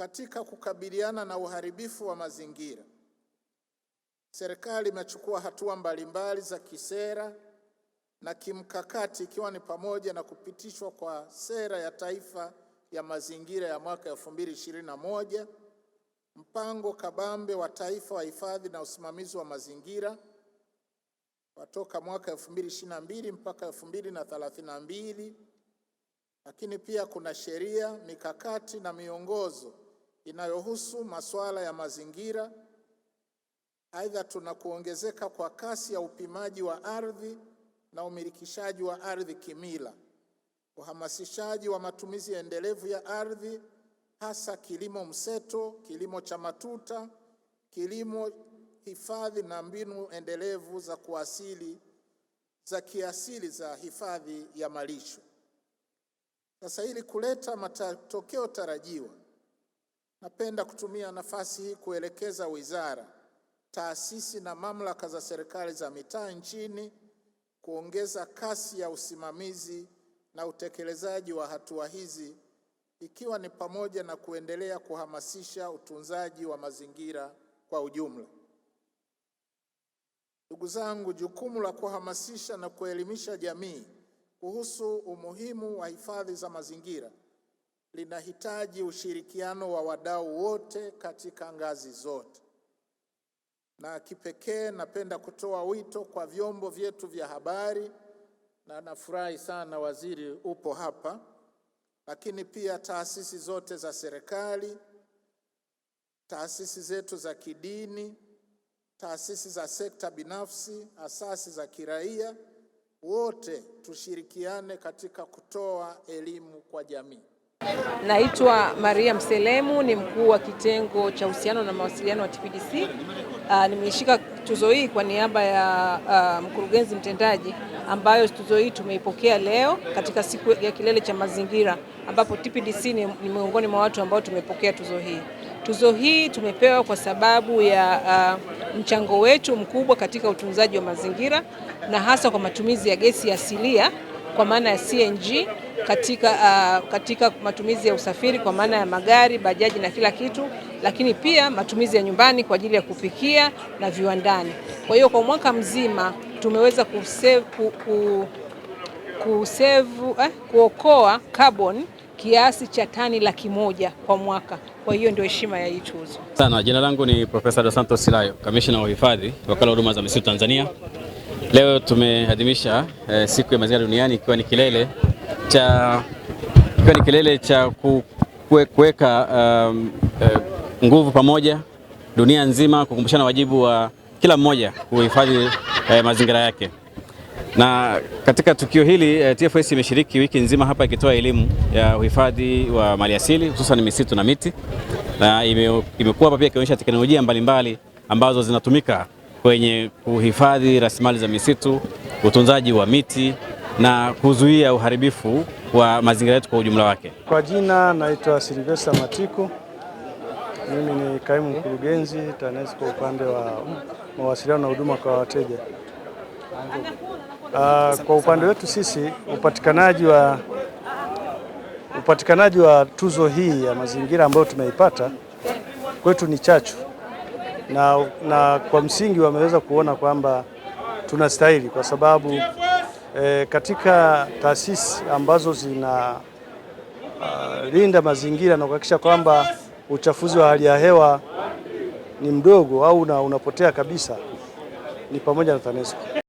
Katika kukabiliana na uharibifu wa mazingira, serikali imechukua hatua mbalimbali za kisera na kimkakati ikiwa ni pamoja na kupitishwa kwa sera ya taifa ya mazingira ya mwaka 2021, mpango kabambe wa taifa wa hifadhi na usimamizi wa mazingira watoka mwaka 2022 mpaka 2032, lakini pia kuna sheria, mikakati na miongozo inayohusu masuala ya mazingira. Aidha, tuna kuongezeka kwa kasi ya upimaji wa ardhi na umilikishaji wa ardhi kimila, uhamasishaji wa matumizi endelevu ya ardhi, hasa kilimo mseto, kilimo cha matuta, kilimo hifadhi na mbinu endelevu za kuasili za kiasili za hifadhi ya malisho. Sasa ili kuleta matokeo tarajiwa Napenda kutumia nafasi hii kuelekeza wizara, taasisi na mamlaka za serikali za mitaa nchini kuongeza kasi ya usimamizi na utekelezaji wa hatua hizi ikiwa ni pamoja na kuendelea kuhamasisha utunzaji wa mazingira kwa ujumla. Ndugu zangu, jukumu la kuhamasisha na kuelimisha jamii kuhusu umuhimu wa hifadhi za mazingira linahitaji ushirikiano wa wadau wote katika ngazi zote, na kipekee napenda kutoa wito kwa vyombo vyetu vya habari, na nafurahi sana waziri upo hapa, lakini pia taasisi zote za serikali, taasisi zetu za kidini, taasisi za sekta binafsi, asasi za kiraia, wote tushirikiane katika kutoa elimu kwa jamii. Naitwa Maria Mselemu, ni mkuu wa kitengo cha uhusiano na mawasiliano wa TPDC. Ah, nimeshika nimeishika tuzo hii kwa niaba ya a, ah, mkurugenzi mtendaji, ambayo tuzo hii tumeipokea leo katika siku ya kilele cha mazingira, ambapo TPDC ni, ni miongoni mwa watu ambao tumepokea tuzo hii. Tuzo hii tumepewa kwa sababu ya a, ah, mchango wetu mkubwa katika utunzaji wa mazingira na hasa kwa matumizi ya gesi asilia kwa maana ya CNG katika, uh, katika matumizi ya usafiri kwa maana ya magari, bajaji na kila kitu, lakini pia matumizi ya nyumbani kwa ajili ya kupikia na viwandani. Kwa hiyo kwa mwaka mzima tumeweza kusave, ku, ku, kusevu, eh, kuokoa carbon kiasi cha tani laki moja kwa mwaka. Kwa hiyo ndio heshima ya hii tuzo sana. Jina langu ni Profesa Dos Santos Silayo, kamishina wa hifadhi, wakala huduma za misitu Tanzania. Leo tumeadhimisha eh, siku ya mazingira duniani ikiwa ni kilele cha ikiwa ni kilele cha kuweka um, uh, nguvu pamoja dunia nzima, kukumbushana wajibu wa kila mmoja kuhifadhi uh, mazingira yake. Na katika tukio hili uh, eh, TFS imeshiriki wiki nzima hapa ikitoa elimu ya uhifadhi wa maliasili hususan misitu na miti, na imekuwa ime hapa pia ikionyesha teknolojia mbalimbali mbali ambazo zinatumika kwenye kuhifadhi rasilimali za misitu, utunzaji wa miti na kuzuia uharibifu wa mazingira yetu kwa ujumla wake. Kwa jina naitwa Silvesta Matiku, mimi ni kaimu mkurugenzi TANESCO upande wa mawasiliano na huduma kwa wateja. Ah, kwa upande wetu sisi upatikanaji wa, upatikanaji wa tuzo hii ya mazingira ambayo tumeipata kwetu ni chachu na, na kwa msingi wameweza kuona kwamba tunastahili kwa sababu E, katika taasisi ambazo zinalinda ah, uh, mazingira na kuhakikisha kwamba uchafuzi wa hali ya hewa ni mdogo au una, unapotea kabisa ni pamoja na TANESCO.